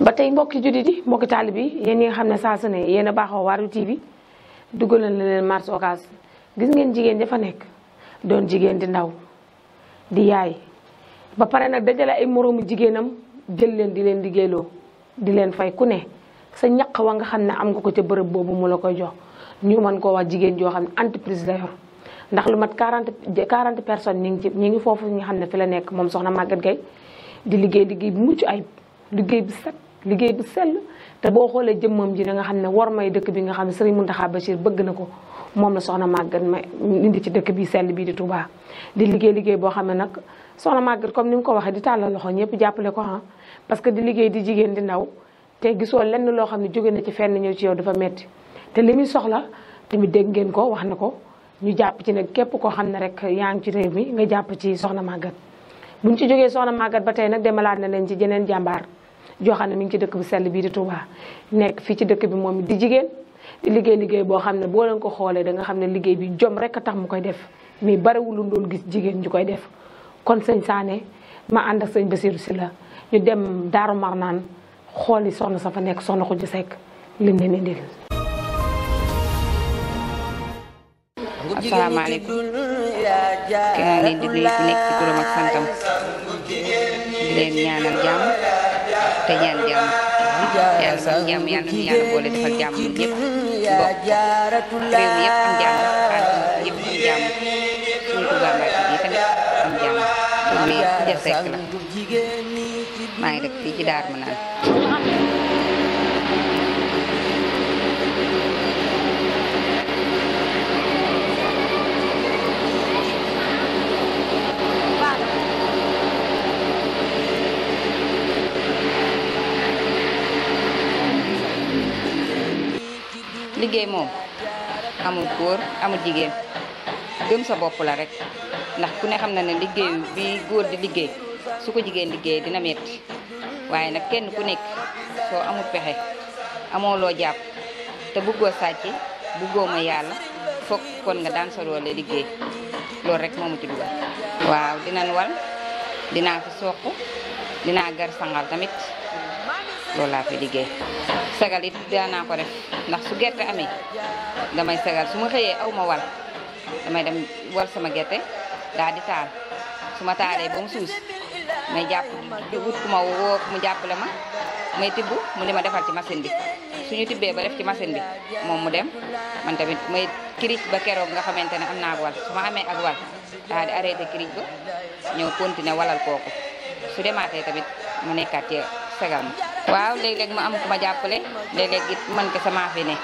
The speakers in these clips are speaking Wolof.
ba tey mbokki juddi di mbokki taalib yi yéen ñi xam ne saa ne yéen a baaxoo Waarwi TV duggalal la leen marché Ocass gis ngeen jigéen dafa nekk doon jigéen di ndaw di yaay ba pare nag da dajale ay moroomu jigéenam jël leen di leen liggéeyloo di leen fay ku ne sa ñaq wa nga xam ne am nga ko ca bërëb boobu mu la koy jox ñu mën koo wax jigéen joo xam ne entreprise la yor ndax lu mat 40 40 personnes ñi ngi ci ñi ngi foofu nga xam ne fi la nekk moom soxna Maguette gay di liggéey liggéey bu mucc ayib liggéey liggéey bu sell te boo xoolee jëmmam ji da nga xam ne war may dëkk bi nga xam ne Serigne ba Bachir bëgg na ko moom la soxna Maguette ma indi ci dëkk bi sell bii di tubaa di liggéey liggéey boo xam ne nag soxna Maguette comme ni mu ko waxee di tàllal loxo ñëpp jàppale ko ah que di liggéey di jigéen di ndaw te gisoo lenn loo xam ne jóge na ci fenn ñëw ci yow dafa metti te li muy soxla tamit dégg ngeen ko wax na ko ñu jàpp ci nag képp koo xam ne rek yaa ngi ci réew mi nga jàpp ci soxna Maguette buñ ci jógee soxna Maguette ba tey nag demalaat na leen ci jeneen jàmbaar joo xam ne mi ngi ci dëkk bu sell bii di Touba nekk fii ci dëkk bi moom di jigéen liggéey liggéey boo xam ne boo leen ko xoolee danga xam ne liggéey bi jom rek a tax mu koy def mais barewul lu doon gis jigéen ñu koy def kon sëñ Sané ma ànd ak sëñ Basiru si la ñu dem Daaru Marnaan xooli soxna sa fa nekk soxna Xuja Sekk lim leen indil asalaamaaleykum ki naa leen di nuyu ku nekk ci turam ak santam di leen ñaanal jàmm te ñaan jàmm yàlla moom jàmm yàlla mu yàlla boole defal jàmm ñëpp mbokk réew mi yëpp am jàmm àdduna yëpp am jàmm suñu Touba Mbacké bi tamit am jàmm mais Khoudia Seck la maa ngi dëkk fii ci Darou Manane liggéey moom amul góor amul jigéen gëm sa bopp la rekk ndax ku ne xam na ne liggéey bi góor di liggéey su ko jigéen liggéey dina metti waaye nag kenn ku nekk soo amul pexe amoo loo jàpp te bëggoo sàcc bëggoo ma yàlla foog kon nga daan sa doole liggéey loolu rek moomu ci dugal waaw dinañ wal dinaa fi soq dinaa gar sangal tamit loolu laa fi liggéey sagal it daanaa ko def ndax su gerte amee damay sagal su ma xëyee aw ma wal damay dem wal sama gerte daal di taal su ma taalee ba mu suus may jàpp wut ku ma woo mu jàppale ma may tibb mu di ma defal ci machine bi suñu tibbee ba def ci machine bi moom mu dem man tamit may kirij ba keroog nga xamante ne am naa ak wal su ma amee ak wal daal di arrêté kirij ba ñëw continuer walal kooku su demaatee tamit mu nekkaat ci sagal ma waaw léegi léeg ma am ku ma jàppale léeg-léeg man ko maa fi ne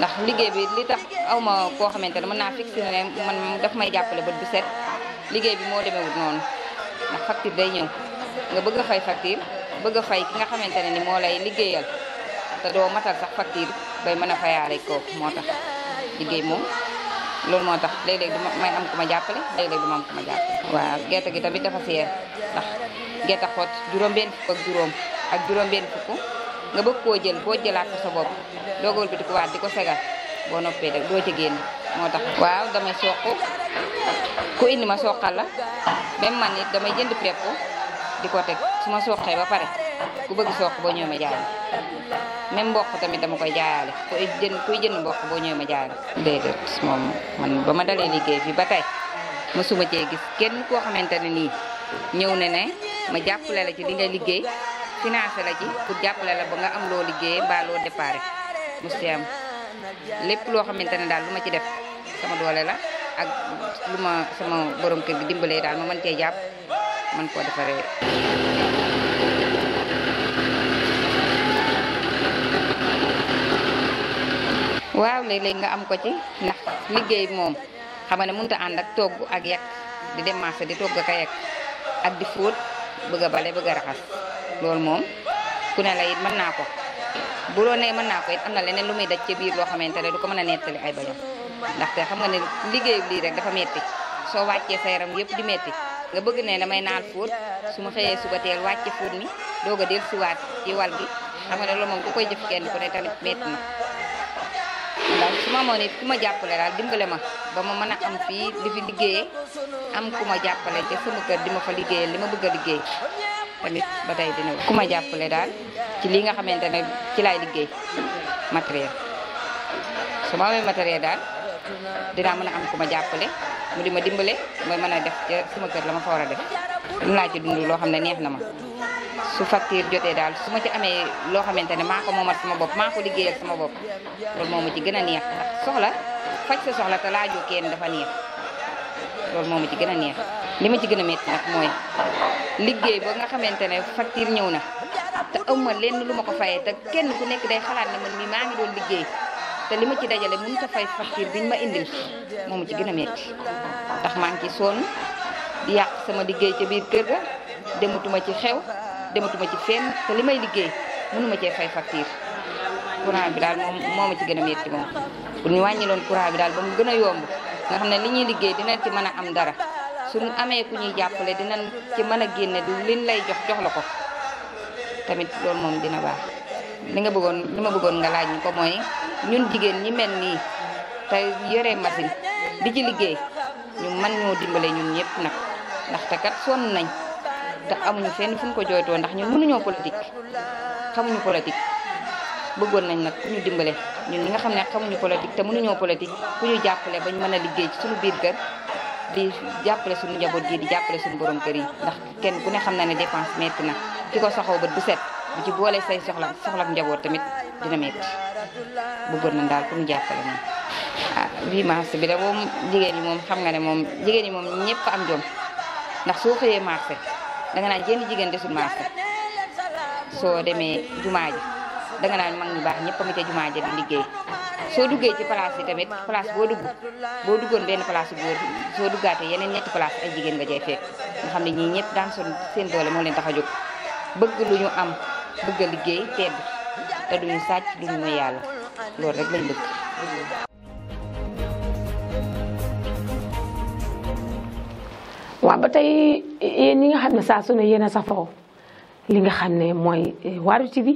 ndax liggéey bi li tax aw ma koo xamante ne mën naa fixé ne man dafa may jàppale bët bu set liggéey bi moo demewut noonu day nga bëgg a fay facture bëgg a fay ki nga xamante ne ni moo liggéeyal te doo matal sax facture bay mën a fayaale kooku moo tax liggéey moom loolu moo tax léeg-léeg du may am ku ma jàppale léeg ma ma jàppale waaw gerte gi tamit dafa seer ndax gerte xott juróom benn juróom ak juróom-benn fukk nga bëgg koo jël koo jëlaat ko sa bopp doogawul bi di ko waat di ko segal boo noppee da doo ci génn moo tax waaw damay soq ku indi ma soqal la même man it damay jënd prep di ko teg su ma soqee ba pare ku bëgg soq boo ñëwee ma jaay ma même tamit dama koy jaayaale kuy jënd kuy boo ñëwee ma jaay ma moom man ba ma dalee liggéey bi ba tey mësuma cee gis kenn koo xamante ne nii ñëw ne ne ma jàppale la ci li nga liggéey financé la ci pour jàppale la ba nga am loo liggéeyee mbaa loo déparé mu si am lépp loo xamante ne daal lu ma ci def sama doole la ak lu ma sama borom kër gi dimbalee daal ma mën cee jàpp mën koo defaree. waaw léeg-léeg nga am ko ci ndax liggéey moom xam nga ne mënut ànd ak togg ak yàq di dem marché di togg ak a yàq ak di fóot bëgg a bale bëgg a raxas. loolu moom ku ne la it mën naa ko bu loo nee mën naa ko it am na leneen lu muy daj ci biir loo xamante ne du ko mën a nettali ay bañam ndaxte xam nga ne liggéeyu lii rek dafa metti soo wàccee sa yaram yëpp di metti nga bëgg ne damay naan fóot su ma xëyee suba teel wàcce fóot mi doog a del siwaat ci wal bi xam nga ne loolu moom ku koy jëf kenn ku ne tamit metti na ndax su ma amoon it ku ma jàppale daal dimbale ma ba ma mën a am fii di fi liggéeyee am ku ma jàppale te sama kër di ma fa liggéeyee li ma bëgg a liggéey tamit ba tey dina ku ma jàppale daal ci lii nga xamante ne ci laay liggéey matériel su ma amee matériel daal dinaa mën a am ku ma jàppale mu di ma dimbale ma mën a def ca suma kër la ma fa war a def dina naa ci dund loo xam ne neex na ma su facture jotee daal su ma ci amee loo xamante ne maa ko moomat sama bopp maa ko liggéeyal sama bopp loolu moo ma ci gën a neex ndax soxla faj sa soxla te laajoo kenn dafa neex loolu moo ma ci gën a neex li ma ci gëna a nag mooy liggéey ba nga xamante ne facture ñëw na te ëmma lenn lu ma ko fayee te kenn ku nekk day xalaat ne man mi maa doon liggéey te li ma ci dajale mënu ta fay facture biñ ma indil moomu ci gën a métti ndax maa ngi ci sonn yàq sama liggéey ca biir kër ga dematuma ci xew dematuma ci fenn te li may liggéey mënuma cee fay facture courant bi daal moom moo ma ci gën a métti moom pour ñu wàññi loon courant bi daal ba mu gën a yomb nga xam ne li ñuy liggéey dinañ ci mën a am dara nu amee ku ñuy jàppale dinañ ci mën a génne liñ lay jox jox la ko tamit loolu moom dina baax li nga bëggoon li ma bëggoon nga laaj ñu ko mooy ñun jigéen ñi mel nii te yore machine di ci liggéey ñu man ñoo dimbale ñun ñëpp nag ndaxte kat sonn nañ te amuñu fenn fu ñu ko jooytoo ndax ñun mënuñoo politique xamuñu politique bëggoon nañ nag ku ñu dimbale ñun ñi nga xam ne xamuñu politique te mënuñoo politique ku ñu jàppale bañ mën a liggéey ci suñu biir kër di jàppale suñu njaboot ji di jàppale suñu borom kër yi ndax kenn ku ne xam na ne dépense metti na di ko saxoo bët bu set bu ci boole say soxla soxla ak tamit dina metti bu daal pour ñu jàppale ah, bi da moom jigéen yi moom xam nga ne moom jigéen yi moom ñëpp am jom ndax soo xëyee marché danga naan jenn jigéen desul marché soo demee jumaa ji danga naan mag ñu baax ñëpp a ngi jumaa ja di liggéey soo duggee ci place yi tamit place boo dugg boo duggoon benn place góor soo duggaatee yeneen ñetti place ay jigéen nga jay fekk nga xam ne ñii ñëpp daan son seen doole moo leen tax a lu ñu am bëgg liggéey tedd te duñu sàcc duñu mooy yàlla loolu rek lañ ba tey yéen nga xam ne saa su ne yéen a li nga xam ne mooy eh, Waarwi TV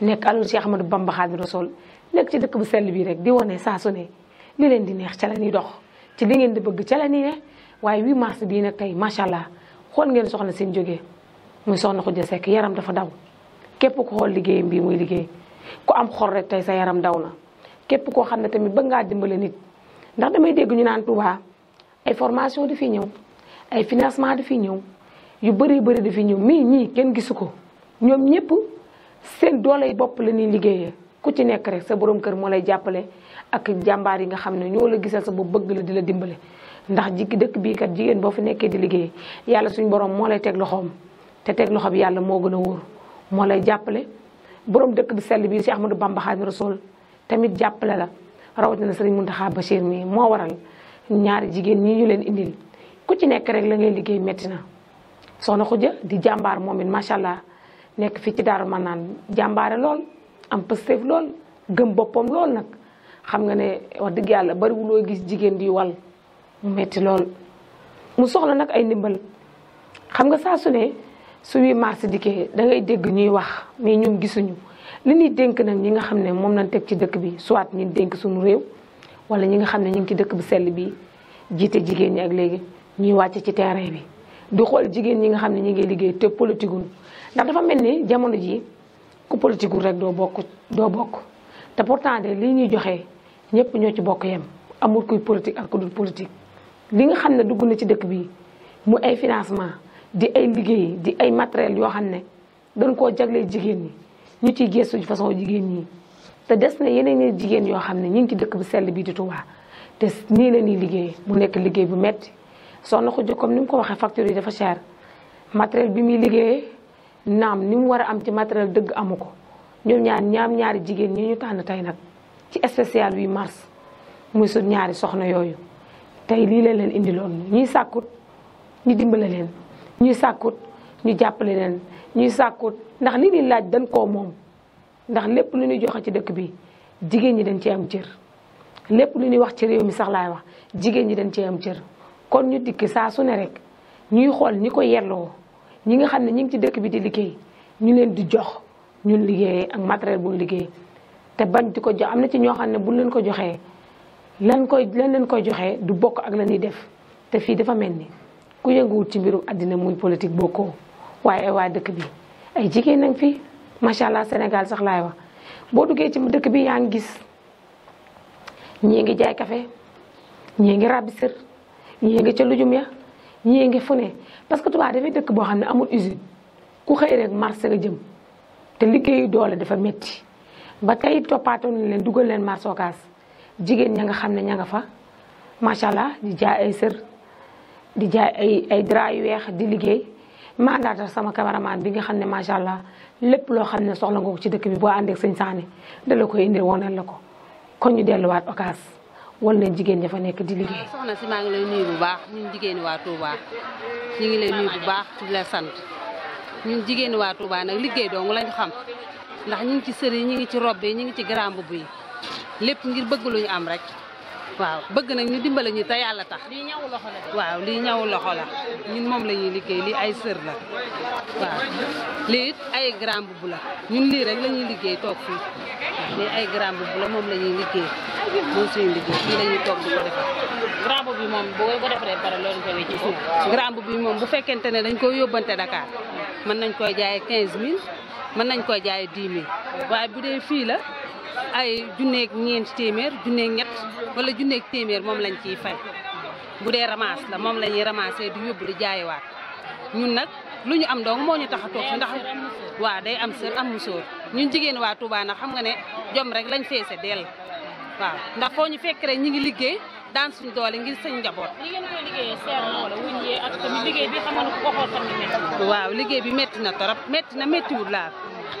nekk alul Cheikh Ahmadou Bamba Khadimu Rassoul nekk ci dëkk bu sell bii rek di wane saa su ne li di neex ca la ñuy dox ci li ngeen di bëgg ca la ñuy ne waaye 8 mars bii nag tey macha allah xool ngeen soxna seen jógee muy soxna Khoudia Seck yaram dafa daw képp ku xool liggéeyam bii muy liggéey ku am xor rek tey sa yaram daw na képp koo xam ne tamit bëgg ngaa dimbale nit ndax damay dégg ñu naan Touba ay formation di fi ñëw ay financement di fi ñëw yu bëri bëri di fi ñëw mii ñii kenn gisu ko ñoom ñëpp seen doole bopp la ñuy liggéeyee ku ci nekk rek sa borom kër moo lay jàppale ak jàmbaar yi nga xam ne ñoo la gisal sa bopp bëgg la di la dimbale ndax jikki dëkk bii kat jigéen boo fi nekkee di liggéey yàlla suñu borom moo lay teg loxoom te teg loxo bi yàlla moo gën a wóor moo lay jàppale borom dëkk bi sell bii si Ahmadou Bamba Xaadimu Rasuul tamit jàppale la na rawatina sëriñ Muntaxa Bachir mii moo waral ñaari jigéen ñi ñu leen indil ku ci nekk rek la ngay liggéey métti na soxna Xuja di jàmbaar moom it macha allah nekk fii ci Daaru Manaan jàmbaare lool. am pësteef lool gëm boppam lool nag xam nga ne wax dëgg yàlla bariwuloo gis jigéen di wal mu metti lool mu soxla nag ay ndimbal xam nga saa sune su 8 mars dikkee da ngay dégg ñuy wax mais ñun gisuñu li ñuy dénk nag ñi nga xam ne moom lañ teg ci dëkk bi soit ñun dénk suñu réew wala ñi nga xam ne ñu ngi ci dëkk bu sell bi jiite jigéen ñi ak léegi ñuy wàcc ci terrain bi di xool jigéen ñi nga xam ne ñu ngi liggéey te politikuñu ndax dafa mel ni jamono ji ku politique gu rek doo bokk doo bokk te pourtant de li ñuy joxe ñëpp ñoo ci bokk yem amul kuy politique ak ku dul politique. li nga xam ne dugg na ci dëkk bi mu ay financement di ay liggéey di ay matériel yoo xam ne dañ koo jaglee jigéen ñi ñu ci gëstu façon jigéen ñi te des na yeneen jigéen yoo xam ne ñu ngi ci dëkk bi sell bii di Touba te nii la ñuy liggéey mu nekk liggéey bu metti soxna Khoudia comme ni mu ko waxee facture yi dafa cher matériel bi muy liggéeyee. naam ni mu war a am ci matériel dëgg amu ko ñoom ñaar ñaam ñaari jigéen ñi ñu tànn tey nag ci spécial 8 mars muy su ñaari soxna yooyu tey lii leen leen indiloon ñuy sàkkut ñu dimbale leen ñuy sàkkut ñu jàppale leen ñuy sàkkut ndax li ñuy laaj dañ koo moom ndax lépp lu ñuy joxe ci dëkk bi jigéen ñi dañ ci am cër lépp lu ñuy wax ci réew mi sax laay wax jigéen ñi dañ ci am cër kon ñu dikk saa su ne rek ñuy xool ñi ko yelloo ñi nga xam ne ñi ngi ci dëkk bi di liggéey ñu leen di jox ñu liggéeyee ak matériel bu liggéey te bañ di ko jox am na ci ñoo xam ne buñ leen ko joxee lan koy lan leen koy joxee du bokk ak la ñuy def te fii dafa mel ni ku yënguwul ci mbirum àddina muy politique bokkoo waaye waa dëkk bi ay jigéen nañ fi macha allah Sénégal sax laay wax boo duggee ci dëkk bi yaa ngi gis ñii ngi jaay kafe ñii ngi rabbi sër ñii ngi ca lujum ñii ngi fu ne parce que Touba dafay dëkk boo xam ne amul usine ku xëy rek marché nga jëm te liggéey doole dafa métti ba tey toppaatoon nañ leen dugal leen marché jigéen ña nga xam ne ña nga fa macha di jaay ay sër di jaay ay ay yu weex di liggéey mandaatal sama cameraman bi nga xam ne macha allah lépp loo xam ne soxla nga ci dëkk bi boo àndeek sëñ Saane da la koy indil wonal la ko kon ñu delluwaat Ocass wal leen jigéen ña fa nekk di liggéey. Ah, soxna si maa ngi lay nuyu bu baax ñu ñun jigéen waa Touba ñu ngi lay nuyu bu baax di la sant ñun jigéen waa Touba nag liggéey dong lañ xam ndax ñu ngi ci sër yi ñu ngi ci robe yi ñu ngi ci garambu buy lépp ngir bëgg lu ñu am rek. waaw bëgg nag ñu dimbale ñu te yàlla tax. lii ñaw loxo waaw lii ñaw loxo la ñun moom lañuy liggéey lii ay sër la waaw lii ay grand bu la ñun lii rek lañuy liggéey toog fii lii ay grand boubou la moom la ñuy liggéey moom suñu liggéey fii la ñuy toog bi moom boo ko defaree grand bi moom bu fekkente ne dañ koy yóbbante Dakar mën nañ koy jaayee 15000 mën nañ koy jaayee 10000 waaye bu dee fii la. ay junneeg ñeenti téeméer junneeg ñett wala junneeg téeméer moom lañ ciy fay bu dee ramasse la moom la ñuy ramasser di yóbbu di jaayiwaat ñun nag lu ñu am doom moo ñu tax a toog ndax waa day am sër am musóor ñun jigéen waa Touba xam nga ne jom rek lañ feese dell waaw ndax foo ñu fekk rek ñi ngi liggéey daan suñu doolee ngir sëñ njaboot. li liggéey bi métti. waaw liggéey bi métti na torop métti na méttiwul laa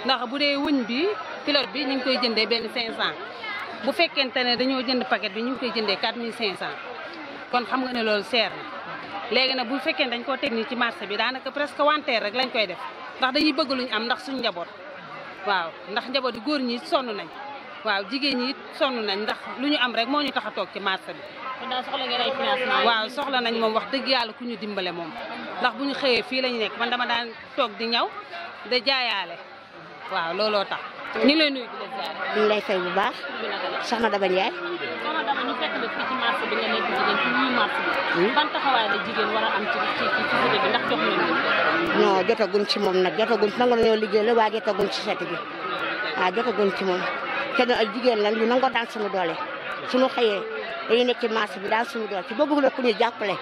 ndax bu dee wuñ bi pilote bi ñu ngi koy jëndee benn 500 bu fekkente ne dañoo jënd paquet bi ñu ngi koy jëndee 4500 kon xam nga ne loolu seer na léegi nag bu fekkee dañ koo teg nii ci marché bi daanaka presque wanteer rek lañ koy def ndax dañuy bëgg luñ am ndax suñ njaboot waaw ndax njaboot yi góor ñi sonn nañ waaw jigéen ñi sonn nañ ndax lu ñu am rek moo ñu tax a toog ci marché bi waaw soxla nañ moom wax dëgg yàlla ku ñu dimbale moom ndax bu ñu xëyee fii lañu nekk man dama daan toog di ñaw da jaayaale waaw looloo tax ni mm. ngi lay nuyu bu baax. soxna Daba Ndiaye. soxna Daba ñu fekk ci moom nag jotaguñ ci nangu nañoo liggéey la waaye jotaguñ ci set bi waaw mm. ah, jotaguñ ci moom te ay jigéen la ñu nangoo daan suñu doole suñu xëyee. dañuy nekk ci bi daal sunu dool ci boo bëgg nag ku ñuy jàppale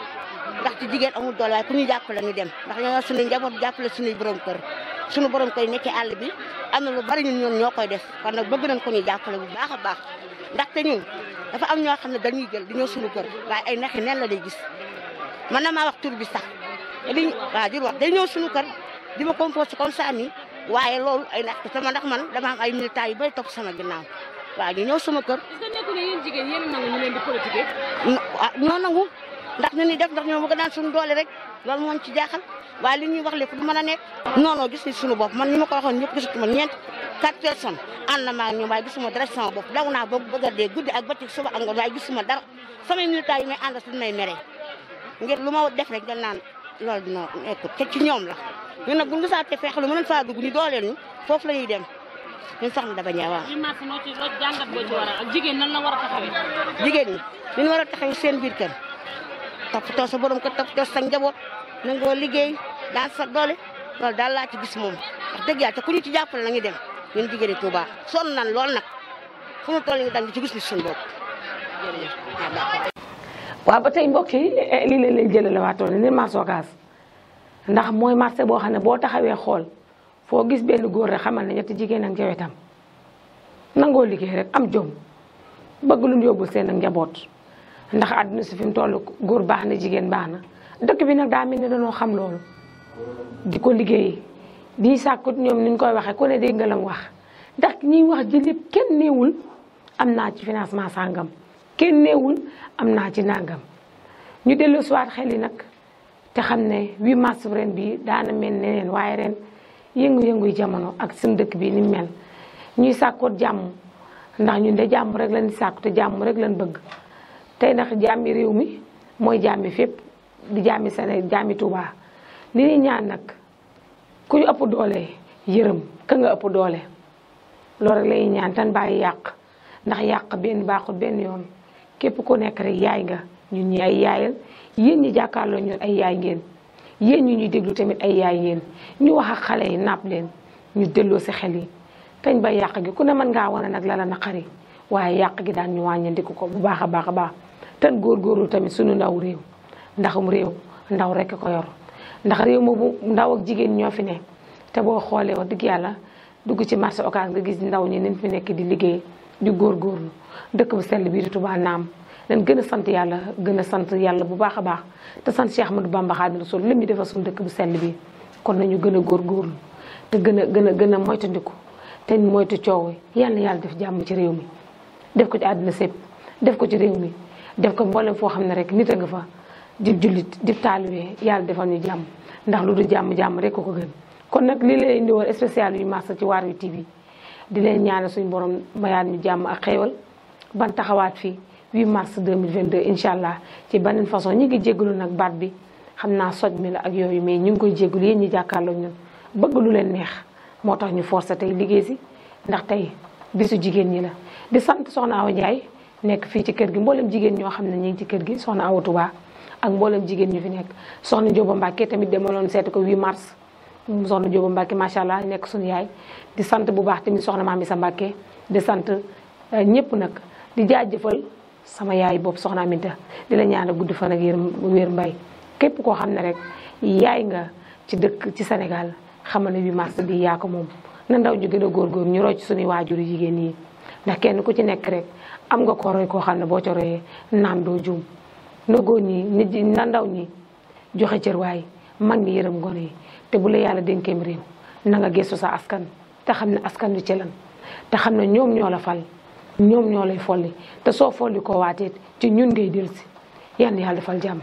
ndax ci jigéen amul dool waaye ku ñuy jàppale ñu dem ndax ñoo suñu njaboot jàppale suñuy borom kër suñu borom kër nekk ci àll bi am na lu bari ñun ñoom ñoo koy def kon na bëgg nañ ko ñuy jàppale bu baax a baax ndax te ñun dafa am ñoo xam ne dañuy jël di ñëw suñu kër waaye ay naxi neen la de gis mën na maa wax tur bi sax liñ waaw jur wax day ñëw suñu kër di ma composé comme ça ni waaye loolu ay nax sama ndax man dama ay militants yu bay topp sama ginnaaw waaw ñu ñëw sama que jigéen yéen nangu ñu leen di politiquer. non ah, nangu ndax ñu ni def ndax ñoo bëgg a daan suñu doole rek loolu moo ci jaaxal waaye li ñuy wax lépp du mën a nekk. non non gis nañ suñu bopp man ni ma ko waxoon ñëpp gisatu ma ñeent quatre personnes ànd na maa ngi waaye gisuma dara sama bopp daw naa ba bëgg a dee guddi ak bëccëg suba ak ngoon waaye gisuma dara samay militaires yi may àndal suñu may mere ngir lu ma def rek dañ naan loolu dina nekkul te ci ñoom la ñu nag bu ñu gisaatee feex lu mën a faa dugg ñu dooleel ñu foofu la ñuy dem ñun soxna Daba Ndiaye waaw. jàngat boo ak jigéen nan la war a taxawee. jigéen ñi war a taxawee seen biir kër toppatoo sa borom ko toppatoo sa njaboot nangoo liggéey daal sa doole loolu daal laa ci gis moom wax dëgg yàlla te ku ñu ci jàppale la ñu dem ñun jigéen ñi Touba sonn nan lool nag fu mu toll nii daal di ci gis ni suñu bopp jërëjëf waaw ba tey mbokk yi eh, eh, lii leen leen jëlale waatoon ne leen marché Ocass ndax mooy marché boo xam ne boo taxawee xool foo gis benn góor rek xamal na ñetti jigéen ak jawetam nangoo liggéey rek am jom bëgg lu yóbbul seen ak njaboot ndax àdduna si fi mu toll góor baax na jigéen baax na dëkk bi nag daa na ni xam loolu di ko liggéey di sàkkut ñoom ni koy waxee ku ne dégg wax ndax ñiy wax ji lépp kenn néewul am naa ci financement sàngam kenn néewul am naa ci nàngam ñu dellu siwaat xel yi nag te xam ne 8 mars ren bii daana mel neneen waaye ren yëngu-yënguy jamono ak suñu dëkk bi ni mel ñuy sàkkoot jàmm ndax ñun da jàmm rek lañ sàkku te jàmm rek lañ bëgg tey ndax jàmmi réew mi mooy jàmmi fépp di jàmmi Sénégal jàmmi Touba li ni ñaan nag ku ñu ëpp doole yërëm ka nga ëpp doole loolu rek lañuy ñaan tan bàyyi yàq ndax yàq benn baaxul benn yoon képp ku nekk rek yaay nga ñun ñi ay yaayal yéen ñi jàkkaarloo ñun ay yaay ngeen yéen ñu ñuy déglu tamit ay yaay yéen ñu wax ak xale yi napp leen ñu delloo si xel yi tañ ba yàq gi ku ne mën ngaa wane nag la la naqari waaye yàq gi daan ñu wàññandiku ko bu baax a baax a baax tan góorgóorlu tamit suñu ndaw réew ndaxum réew ndaw rekk ko yor ndax réew moomu ndaw ak jigéen ñoo fi ne te boo xoolee wax dëgg yàlla dugg ci marché Ocass nga gis ndaw ñi fi nekk di liggéey di lu dëkk bu sell bii tubaa naam leen gën a sant yàlla gën sant yàlla bu baax a baax te sant Cheikh Ahmadou Bamba Xaadimu Rasuul li mu defal suñu dëkk bu sell bi kon nañu gën a góorgóorlu te gën a gën a gën a moytandiku te moytu coow yàlla yàlla def jàmm ci réew mi def ko ci àddina sépp def ko ci réew mi def ko mboolem foo xam ne rek nit a nga fa jib jullit jib taalibe yàlla defal ñu jàmm ndax lu du jàmm jàmm rek ko kon nag lii lay indi woon spécial yu massa ci Waarwi TV di leen ñaanal suñu borom mayaat ñu jàmm ak xéewal ban taxawaat fii 8 mars 2022 incha ngi jégalu nag baat bi xam naa soj mi la ak yooyu mais ñu ngi koy jégalu yéen ñi jàkkaarloo ñun bëgg leen neex moo tax ñu forcé tey liggéey si ndax tey bisu jigéen ñi la di sant soxna Awa Ndiaye nekk fii ci kër gi mboolem jigéen ñoo xam ne ñu ngi ci kër gi soxna Awa ak mboolem jigéen ñu fi nekk soxna Jóoba Mbàkke tamit demaloon seeti ko 8 mars soxna Jóoba Mbàkke macha allah nekk suñu yaay di sant bu baax tamit soxna Maam sa Mbàkke di sant eh, ñëpp nag di jaajëfal sama yaay boobu soxna Aminta di la ñaanal gudd fan ak yér wér mbay képp koo xam ne rek yaay nga ci dëkk ci Sénégal xama ne 8 mars bi yaa ko moom na ndaw ñu gën a góorgóor ñu roy ci suñu waajur jigéen yi ndax kenn ku ci nekk rek am nga ko koo xam ne boo ca royee doo juum na góor ñi nit ndaw ñi joxe cër waay mag ñi yërëm gone yi te bu la yàlla dénkeem réew na nga gëstu sa askan te xam na askan wi ci lan te xam na ñoom ñoo fal ñoom ñoo lay folli te soo folli ko waatee ci ñun ngay dellusi yan yàlla defal jàmm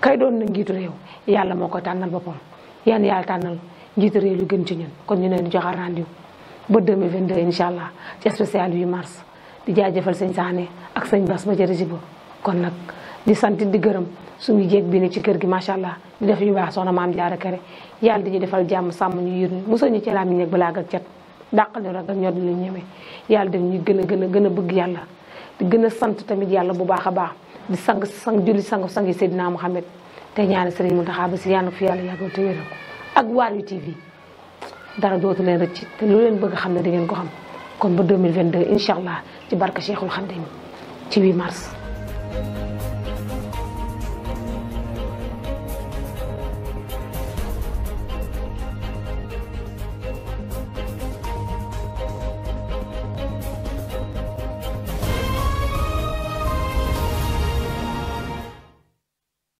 kay doon na njiitu réew yàlla moo ko tànnal boppam yan yàlla tànnal njiitu réew lu gën ci ñun kon ñu leen joxe rendez-vous ba 2022 incha allah ci spécial 8 mars di jaajëfal sëñ Saane ak sëñ Bas ba jërëjëf ba kon nag di sant di gërëm suñu jéeg bi ne ci kër gi macha allah di def yu baax soxna maam jaara kere yàlla di ñu defal jàmm sàmm ñu yir ñu musal ñu ci làmmiñ ak balaa ak dàqali ragal ñoo dina ñeme yàlla def ñuy gën a gën a gën a bëgg yàlla di gën a sant tamit yàlla bu baax a baax di sang sang julli sang sang yi Seydina Mouhamed te ñaane sëriñ Mountakha Bassirou yàlla fi yàlla yàggal te wéral ko ak Waarwi TV dara dootu rek ci te lu leen bëgg xam ne di ngeen ko xam kon ba 2022 incha allah ci barke Cheikhul Khadim ci 8 mars